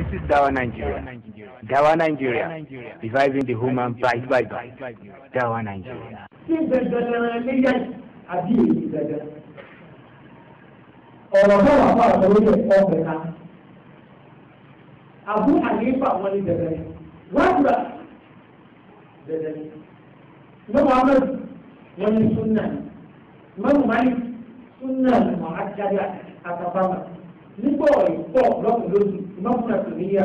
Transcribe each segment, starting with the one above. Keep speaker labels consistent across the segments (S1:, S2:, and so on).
S1: This is Dawa Nigeria. Dawa Nigeria. Reviving the human bite by bite. Dawa Nigeria. ọ̀rọ̀ náà wà fún àwọn olóyè ẹ̀kọ́ ọ̀fẹ́ àbú àlééfà wọn ní dẹ̀dẹ̀ wájúra dẹ̀dẹ̀ amẹ́rù wọn ní súnà máyì súnà mọ́ àjáde àtàbàmà nígbà ìtọ̀ lọ́kùn lójú ìmọ̀kùnrin àtòníyà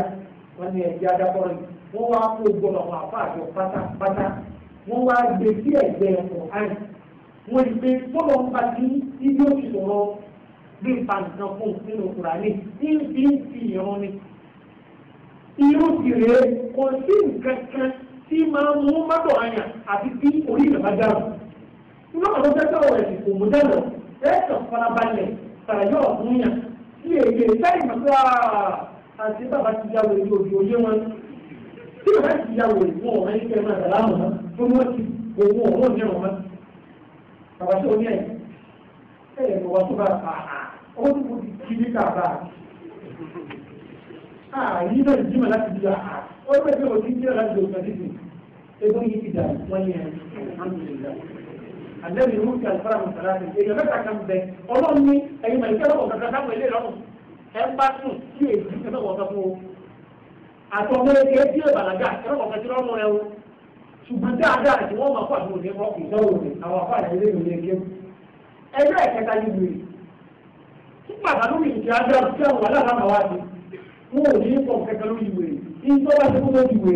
S1: wọn ni ẹ̀jẹ̀ adákọ́rọ̀ yìí wọ́n wá kó gbọ́dọ̀ àwọn àfáàjọ pátápátá wọ́n wá gbé sí ẹ̀gbẹ́ ọ̀hán wọ́n ti pé tọ́lọ̀ ń bá ti ibi ó ti sọ̀rọ̀ bí nǹkan kan fún nínú kùránì ní bí ń fi ìran ni. irú ti rèé kò sí nǹkan kan tí máa mú mọ́tò àyàn àti tí orí ìjọba dáhùn. nígbà tó fẹ́ sọ̀rọ̀ ẹ̀sìn kò mú dáná ẹ̀ẹ́dọ̀ farabalẹ̀ sàrẹ̀yọ̀ ọ̀gbìn yàn tí èyí sẹ́yìn gbà àti bàbá ti yàwó èyí òbí òye wọn tí bàbá ti yàwó èyí wọn ọ̀rẹ́ ìfẹ́ máa dàrá wọn mọ́ fún wọn ti owó ọ̀rọ̀ ní ọ̀rọ̀ bàbá tó ní ẹ̀ ẹ̀yẹ̀ bàbá tó bá a ọwọ́ tó kù kí ní kàbá àyí náà jí mà láti di àhà wọ́n bẹ̀rẹ̀ pé òkú jí náà láti di òkú àti ìdè ẹgbẹ́ yìí ti dà wọ́n yẹn àlẹ́bí mú kí alifara mi sàlá mi èèyàn mẹ́ta kan bẹ ọlọ́run ní ẹ̀yin màlìkẹ́ lọ́wọ́ kankan sáwọn ilé lọ́rùn ẹ̀ ń bá sùn sí èyí ẹ̀ lọ́wọ́ kan fún o àtọ̀mọ́ ẹ̀kẹ́ tí ẹ̀ bàlágà ẹ̀ lọ́wọ́ kan tí lọ́rùn rẹ o ṣùgbọ́n dáadáa tí wọ́n máa kọ́ àdúgbò ní ẹ̀kọ́ ìdánwò rẹ̀ àwọn afọ àyẹ̀lẹ́ ìlú ní ẹgbẹ́ ẹgbẹ́ ìkẹta ní ìlú rẹ̀ tí pàtàkì mi ìdí ajá tí àwọn aláàbà wá sí wọn ò ní í pọ̀ kẹta lórí ìwé rẹ̀ kí n tó bá ti kó lórí ìwé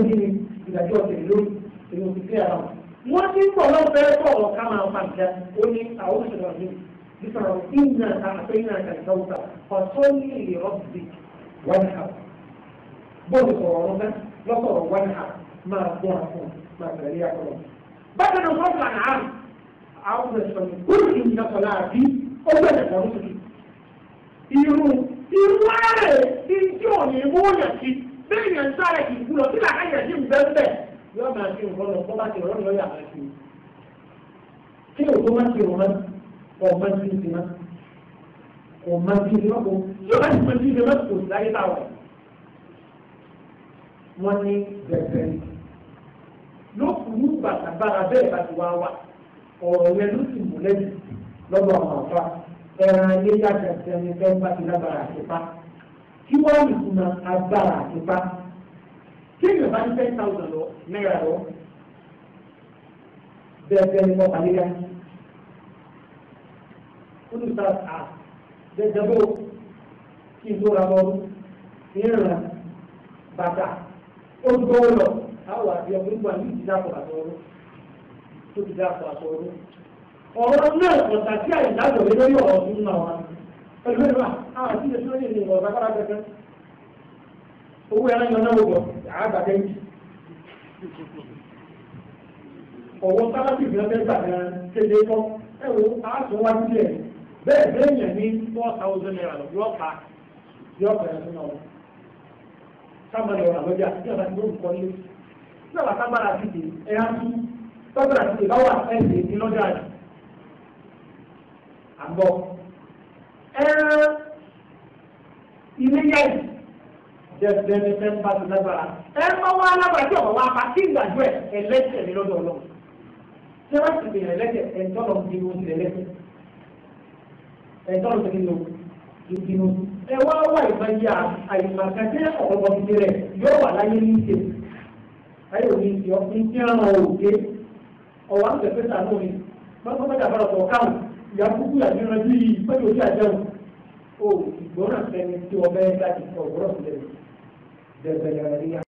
S1: rẹ̀ ibẹ̀ ní wọ́n ti ń bọ̀ lọ́wọ́ sọ̀rọ̀ ká máa fa ìjà ó ní àwọn ìṣẹ̀lẹ̀ mi nítorọ̀ ìnà àtẹ̀yìnà àtẹ̀yìnà ọ̀tọ́ ní ilé ọ̀bì wọ́n hà bóòlù sọ̀rọ̀ ọ̀rọ̀ náà lọ́sọ̀rọ̀ wọ́n hà máa gbọ́ àfọ̀ máa tẹ̀lé àkọlọ̀. bákan náà wọ́n fàn àwọn ìṣẹ̀lẹ̀ kúrò ní ìmúyàn sí bẹ́ẹ̀ máa fi nǹkan lọ kó bá ti rọrùn lọ́yà máa fi kí ló tó má ti rọ̀ máa kọ̀ má ti ti má kọ̀ má ti ti má kọ̀ tí ti má ti ti má kò sí láyé táwa wọ́n ní bẹ̀rẹ̀ lókùnrin bàtàbàrà bẹ́ẹ̀ bá ti wá wà ọ̀rọ̀ yẹn ló sì mú lẹ́yìn lọ́gbọ̀n àwọn àfa ẹran ilé yàtọ̀ ẹni fẹ́ bá ti lágbára àtìpá kí wọ́n lè kùnà agbára àtìpá tí èèyàn bá ní ten thousand lọ náírà lọ bẹ́ẹ̀ bẹ́ẹ̀ ni wọ́n parí láti kúndùn sáà à jẹjẹ bó kí n tó ra lọ́rùn ìrìnà bàtà ó gbówó lọ àwọn àti ọkùnrin gbà ní ìdílé àpò àtọ̀rọ̀ tó ti dá àpò àtọ̀rọ̀ ọ̀rọ̀ náà ọ̀tà tí àyíká sọ̀rọ̀ lórí ọ̀rọ̀ tó ń nà wá pẹ̀lú ìlú àti ìdílé ní ìwọ̀n bàbá rẹ̀ kẹ́kẹ́. owó ẹran yẹn náà wọ̀ àgbàdé yìí ọ̀wọ́ sábàtì ìgbìyànjú ẹgbà gan kéde kọ́ ẹ wo aṣọ wa ti ẹ̀ bẹ́ẹ̀ bẹ́ẹ̀ yẹn ní four thousand naira lọ yọ yọ fún ọ tí ẹ̀ á tún dẹ́gbẹ́ ní fẹ́ bá ti lágbára ẹ má wá lágbára tí ọ̀wọ́ wá pa kí ìgbàgbọ́ ẹ̀ ẹlẹ́sẹ̀ ní lọ́dọ̀ ọlọ́run tí wọ́n ti bèèrè ẹlẹ́sẹ̀ ẹ̀ńtọ́lọ̀ ti mú ti ẹlẹ́sẹ̀ ẹ̀ńtọ́lọ̀ ti mú ti mú ẹ wá wá ìbáyà àyùmọ̀kàtẹ́ ọ̀pọ̀lọpọ̀ ti rẹ̀ yóò wà láyé ní ìṣe ayé òní ti ọkùnrin tí wọ́n máa òkè ọ̀wọ́ àwọn ìfẹ́ sàánú mi bákan bá dàbọ̀ ọ̀tọ̀ káwọn ìyá kúkú àti ìrìnàjò yìí pẹ̀lú ojú àjẹun desde la galería